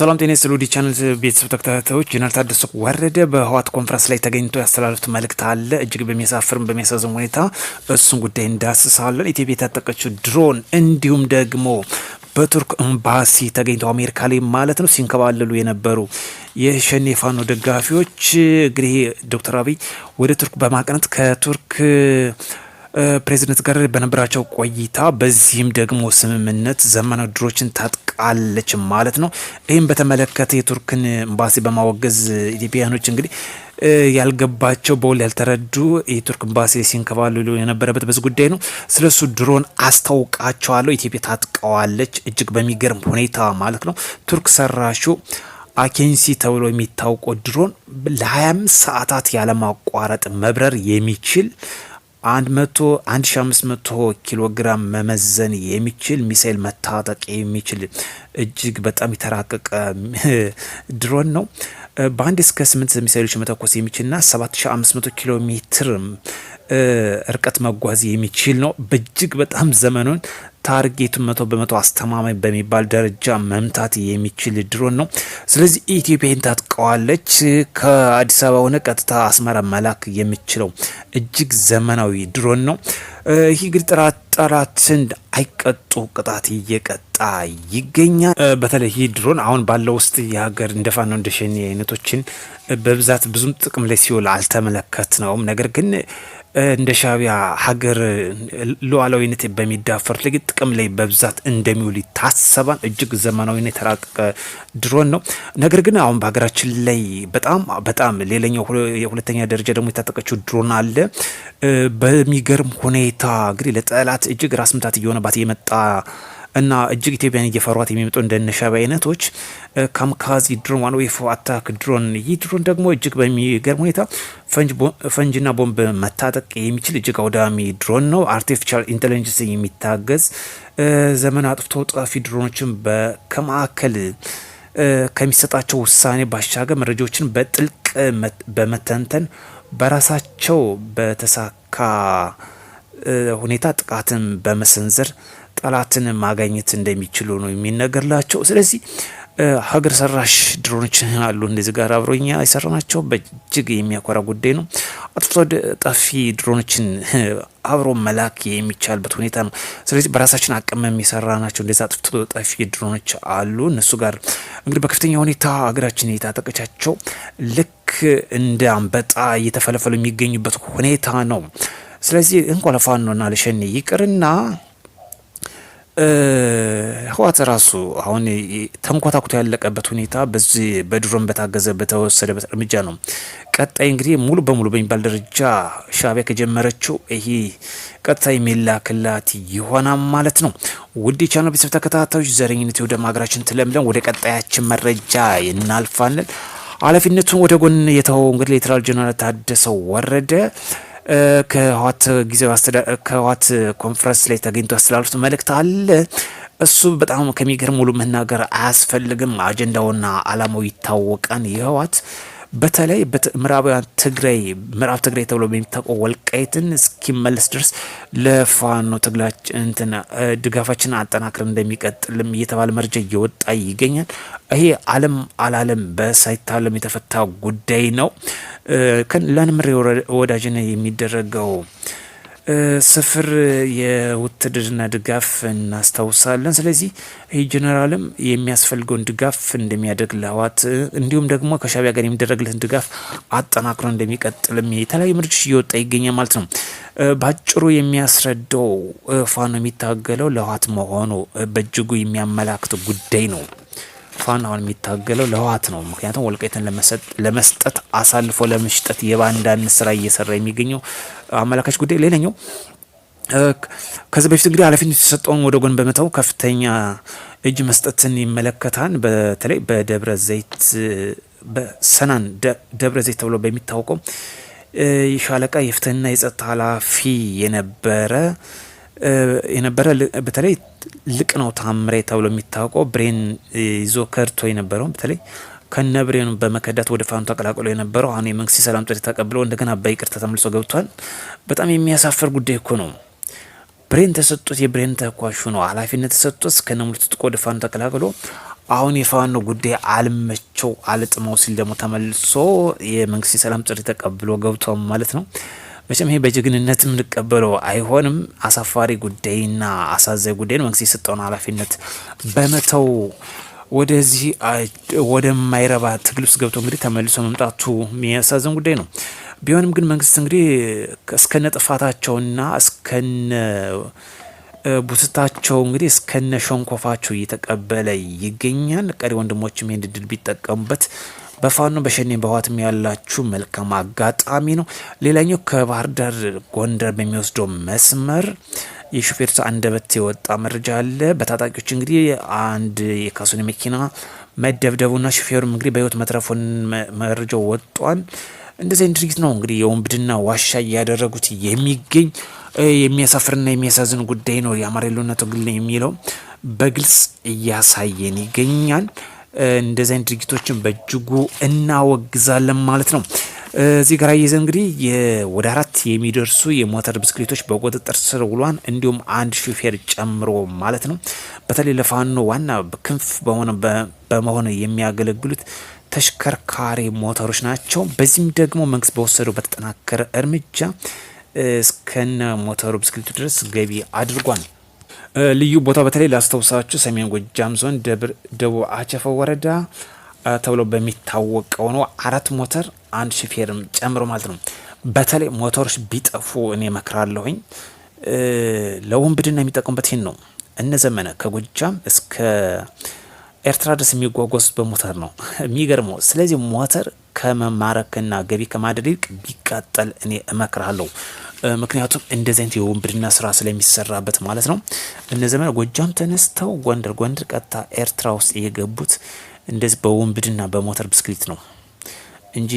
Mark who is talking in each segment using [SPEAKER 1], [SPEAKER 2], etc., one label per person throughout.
[SPEAKER 1] ሰላም ጤና ስሉዲ ቻናል ቤተሰብ ተከታታዮች ጀነራል ታደሰ ወረደ በህወሓት ኮንፈረንስ ላይ ተገኝቶ ያስተላለፉት መልእክት አለ። እጅግ በሚያሳፍርም በሚያሳዝን ሁኔታ እሱን ጉዳይ እንዳስሳለን። ኢትዮጵያ የታጠቀችው ድሮን እንዲሁም ደግሞ በቱርክ ኤምባሲ ተገኝተው አሜሪካ ላይ ማለት ነው ሲንከባለሉ የነበሩ የሸኔ ፋኖ ደጋፊዎች እንግዲህ ዶክተር አብይ ወደ ቱርክ በማቅናት ከቱርክ ፕሬዚደንት ጋር በነበራቸው ቆይታ በዚህም ደግሞ ስምምነት ዘመናዊ ድሮችን ታጥቃለች ማለት ነው። ይህም በተመለከተ የቱርክን ኤምባሲ በማወገዝ ኢትዮጵያውያኖች እንግዲህ ያልገባቸው በውል ያልተረዱ የቱርክ ኤምባሲ ሲንከባለሉ የነበረበት በዚህ ጉዳይ ነው። ስለሱ ድሮን አስታውቃቸዋለሁ። ኢትዮጵያ ታጥቀዋለች እጅግ በሚገርም ሁኔታ ማለት ነው። ቱርክ ሰራሹ አኬንሲ ተብሎ የሚታወቀው ድሮን ለ25 ሰዓታት ያለማቋረጥ መብረር የሚችል 1500 ኪሎ ግራም መመዘን የሚችል ሚሳኤል መታጠቅ የሚችል እጅግ በጣም የተራቀቀ ድሮን ነው። በአንድ እስከ ስምንት ሚሳኤሎች መተኮስ የሚችልና 7500 ኪሎ ሜትር እርቀት መጓዝ የሚችል ነው። በእጅግ በጣም ዘመኑን ታርጌቱን መቶ በመቶ አስተማማኝ በሚባል ደረጃ መምታት የሚችል ድሮን ነው። ስለዚህ ኢትዮጵያን ታጥቀዋለች። ከአዲስ አበባ ሆነ ቀጥታ አስመራ መላክ የሚችለው እጅግ ዘመናዊ ድሮን ነው። ይህ እንግዲህ ጠላትን አይቀጡ ቅጣት እየቀጥ እየመጣ ይገኛል። በተለይ ይህ ድሮን አሁን ባለው ውስጥ የሀገር እንደ ፋኖ እንደ ሸኔ አይነቶችን በብዛት ብዙም ጥቅም ላይ ሲውል አልተመለከት ነውም። ነገር ግን እንደ ሻቢያ ሀገር ሉዓላዊነት በሚዳፈር ልግ ጥቅም ላይ በብዛት እንደሚውል ይታሰባል። እጅግ ዘመናዊና የተራቀቀ ድሮን ነው። ነገር ግን አሁን በሀገራችን ላይ በጣም በጣም ሌላኛው የሁለተኛ ደረጃ ደግሞ የታጠቀችው ድሮን አለ። በሚገርም ሁኔታ እንግዲህ ለጠላት እጅግ ራስ ምታት እየሆነባት የመጣ እና እጅግ ኢትዮጵያን እየፈሯት የሚመጡ እንደነ ሻዕቢያ አይነቶች ካምካዚ ድሮን፣ ዋን ዌቭ አታክ ድሮን። ይህ ድሮን ደግሞ እጅግ በሚገርም ሁኔታ ፈንጅና ቦምብ መታጠቅ የሚችል እጅግ አውዳሚ ድሮን ነው። አርቲፊሻል ኢንቴሊጀንስ የሚታገዝ ዘመን አጥፍቶ ጠፊ ድሮኖችን ከማዕከል ከሚሰጣቸው ውሳኔ ባሻገር መረጃዎችን በጥልቅ በመተንተን በራሳቸው በተሳካ ሁኔታ ጥቃትን በመሰንዘር ጠላትን ማገኘት እንደሚችሉ ነው የሚነገርላቸው። ስለዚህ ሀገር ሰራሽ ድሮኖች አሉ እንደዚህ ጋር አብሮኛ የሰራ ናቸው። በእጅግ የሚያኮራ ጉዳይ ነው። አጥፍቶ ጠፊ ድሮኖችን አብሮ መላክ የሚቻልበት ሁኔታ ነው። ስለዚህ በራሳችን አቅም የሚሰራ ናቸው እንደዚ አጥፍቶ ጠፊ ድሮኖች አሉ። እነሱ ጋር እንግዲህ በከፍተኛ ሁኔታ ሀገራችን የታጠቀቻቸው ልክ እንደ አንበጣ እየተፈለፈሉ የሚገኙበት ሁኔታ ነው። ስለዚህ እንኳን ለፋኖና ለሸኔ ይቅርና ህዋት ራሱ አሁን ተንኮታኩቶ ያለቀበት ሁኔታ በዚህ በድሮን በታገዘ በተወሰደበት እርምጃ ነው። ቀጣይ እንግዲህ ሙሉ በሙሉ በሚባል ደረጃ ሻቢያ ከጀመረችው ይሄ ቀጥታ የሚላክላት ይሆና ማለት ነው። ውድ የቻናል ቤተሰብ ተከታታዮች ዘረኝነት ወደ ሀገራችን ትለምለም። ወደ ቀጣያችን መረጃ እናልፋለን። ኃላፊነቱን ወደ ጎን የተወው እንግዲህ ሌተናል ጀነራል ታደሰ ወረደ ከህወሓት ጊዜያዊ ከህወሓት ኮንፈረንስ ላይ ተገኝቶ ያስተላሉት መልእክት አለ። እሱ በጣም ከሚገርም ሙሉ መናገር አያስፈልግም። አጀንዳውና አላማው ይታወቃን የህወሓት በተለይ ምዕራባውያን ትግራይ ምዕራብ ትግራይ ተብሎ በሚታወቀው ወልቃይትን እስኪመለስ ድረስ ለፋኖ ትግላችን እንትን ድጋፋችን አጠናክር እንደሚቀጥልም እየተባለ መረጃ እየወጣ ይገኛል። ይሄ አለም አላለም በሳይታለም የተፈታ ጉዳይ ነው። ለንምሬ ወዳጅን የሚደረገው ስፍር የውትድርና ድጋፍ እናስታውሳለን። ስለዚህ ይህ ጀኔራልም የሚያስፈልገውን ድጋፍ እንደሚያደርግ ለህዋት እንዲሁም ደግሞ ከሻቢያ ጋር የሚደረግለትን ድጋፍ አጠናክሮ እንደሚቀጥልም የተለያዩ ምርጭ እየወጣ ይገኛል ማለት ነው። በአጭሩ የሚያስረዳው ፋኖ የሚታገለው ለህዋት መሆኑ በእጅጉ የሚያመላክት ጉዳይ ነው። ፋኖ አሁን የሚታገለው ለህወሓት ነው። ምክንያቱም ወልቃይትን ለመስጠት አሳልፎ ለመሽጠት የባንዳን ስራ እየሰራ የሚገኘው አመላካች ጉዳይ ሌላኛው ከዚህ በፊት እንግዲህ ኃላፊነት የተሰጠውን ወደ ጎን በመተው ከፍተኛ እጅ መስጠትን ይመለከታል። በተለይ በደብረ ዘይት በሰናን ደብረ ዘይት ተብሎ በሚታወቀው ሻለቃ የፍትህና የጸጥታ ኃላፊ የነበረ የነበረ በተለይ ልቅ ነው ታምሬ ተብሎ የሚታወቀው ብሬን ይዞ ከድቶ የነበረው በተለይ ከነ ብሬኑ በመከዳት ወደ ፋኖ ተቀላቅሎ የነበረው አሁን የመንግስት ሰላም ጥሪ ተቀብሎ እንደገና በይቅርታ ተመልሶ ገብቷል። በጣም የሚያሳፍር ጉዳይ እኮ ነው። ብሬን ተሰጥቶት የብሬን ተኳሹ ነው ኃላፊነት ተሰጥቶት ከነ ሙሉ ትጥቆ ወደ ፋኖ ተቀላቅሎ አሁን የፋኖ ጉዳይ አልመቸው አልጥመው ሲል ደግሞ ተመልሶ የመንግስት የሰላም ጥሪ ተቀብሎ ገብቷል ማለት ነው። መቼም ይሄ በጀግንነት የምንቀበለው አይሆንም። አሳፋሪ ጉዳይና አሳዛኝ ጉዳይን መንግስት የሰጠውን ኃላፊነት በመተው ወደዚህ ወደማይረባ ትግል ውስጥ ገብቶ እንግዲህ ተመልሶ መምጣቱ የሚያሳዝን ጉዳይ ነው። ቢሆንም ግን መንግስት እንግዲህ እስከነ ጥፋታቸውና እስከነ ቡትታቸው እንግዲህ እስከነ ሸንኮፋቸው እየተቀበለ ይገኛል። ቀሪ ወንድሞችም ይህን ድል ቢጠቀሙበት በፋኖ በሸኔ በህወሓትም ያላችሁ መልካም አጋጣሚ ነው። ሌላኛው ከባህር ዳር ጎንደር በሚወስደው መስመር የሹፌር አንደበት የወጣ መረጃ አለ። በታጣቂዎች እንግዲህ አንድ የካሱን መኪና መደብደቡና ሹፌሩም እንግዲህ በህይወት መትረፉን መረጃው ወጧል። እንደዚህ አይነት ድርጊት ነው እንግዲህ የወንብድና ዋሻ እያደረጉት የሚገኝ የሚያሳፍርና የሚያሳዝን ጉዳይ ነው። የአማራ ህልውና ግል የሚለው በግልጽ እያሳየን ይገኛል። እንደዚህ አይነት ድርጊቶችን በእጅጉ እናወግዛለን ማለት ነው። እዚህ ጋር ይዘ እንግዲህ ወደ አራት የሚደርሱ የሞተር ብስክሌቶች በቁጥጥር ስር ውሏን እንዲሁም አንድ ሹፌር ጨምሮ ማለት ነው። በተለይ ለፋኖ ዋና ክንፍ በሆነ በመሆን የሚያገለግሉት ተሽከርካሪ ሞተሮች ናቸው። በዚህም ደግሞ መንግስት በወሰደው በተጠናከረ እርምጃ እስከነ ሞተሩ ብስክሌቱ ድረስ ገቢ አድርጓል። ልዩ ቦታው በተለይ ላስታውሳችሁ ሰሜን ጎጃም ዞን ደብር ደቡብ አቸፈ ወረዳ ተብሎ በሚታወቀው ነው። አራት ሞተር አንድ ሹፌርም ጨምሮ ማለት ነው። በተለይ ሞተሮች ቢጠፉ እኔ መክራለሁኝ። ለወንብድና የሚጠቀሙበት ይህን ነው። እነ ዘመነ ከጎጃም እስከ ኤርትራ ድረስ የሚጓጓዙት በሞተር ነው። የሚገርመው ስለዚህ ሞተር ከመማረክና ገቢ ከማደድ ይልቅ ቢቃጠል እኔ እመክራለሁ። ምክንያቱም እንደዚህ አይነት የውንብድና ስራ ስለሚሰራበት ማለት ነው። እነ ዘመነ ጎጃም ተነስተው ጎንደር፣ ጎንደር ቀጥታ ኤርትራ ውስጥ የገቡት እንደዚህ በውንብድና በሞተር ብስክሌት ነው እንጂ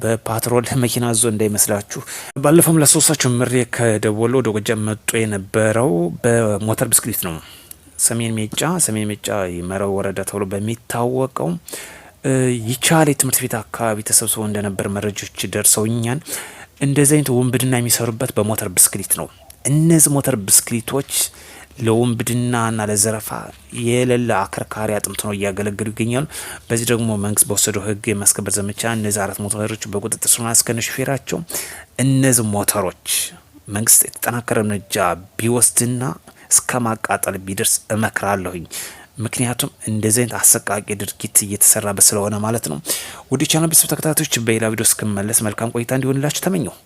[SPEAKER 1] በፓትሮል መኪና ዞ እንዳይመስላችሁ። ባለፈውም ለሶስታችሁ ምሬ ከደወሎ ወደ ጎጃም መጡ የነበረው በሞተር ብስክሌት ነው። ሰሜን ሜጫ ሰሜን ሜጫ መረብ ወረዳ ተብሎ በሚታወቀው ይቻሌ ትምህርት ቤት አካባቢ ተሰብስቦ እንደነበር መረጃዎች ደርሰውኛል። እንደዚህ አይነት ውንብድና የሚሰሩበት በሞተር ብስክሌት ነው። እነዚህ ሞተር ብስክሌቶች ለውንብድናና ለዘረፋ የሌለ አከርካሪ አጥምት ነው እያገለገሉ ይገኛሉ። በዚህ ደግሞ መንግስት በወሰደው ህግ የማስከበር ዘመቻ እነዚህ አራት ሞተሮች በቁጥጥር ስር እስከነ ሹፌራቸው እነዚህ ሞተሮች መንግስት የተጠናከረ እርምጃ ቢወስድና እስከ ማቃጠል ቢደርስ እመክራለሁኝ። ምክንያቱም እንደዚህ አይነት አሰቃቂ ድርጊት እየተሰራበት ስለሆነ ማለት ነው። ውድ ቻናል ቤተሰብ ተከታታዮች በሌላ ቪዲዮ እስክመለስ መልካም ቆይታ እንዲሆንላችሁ ተመኘው።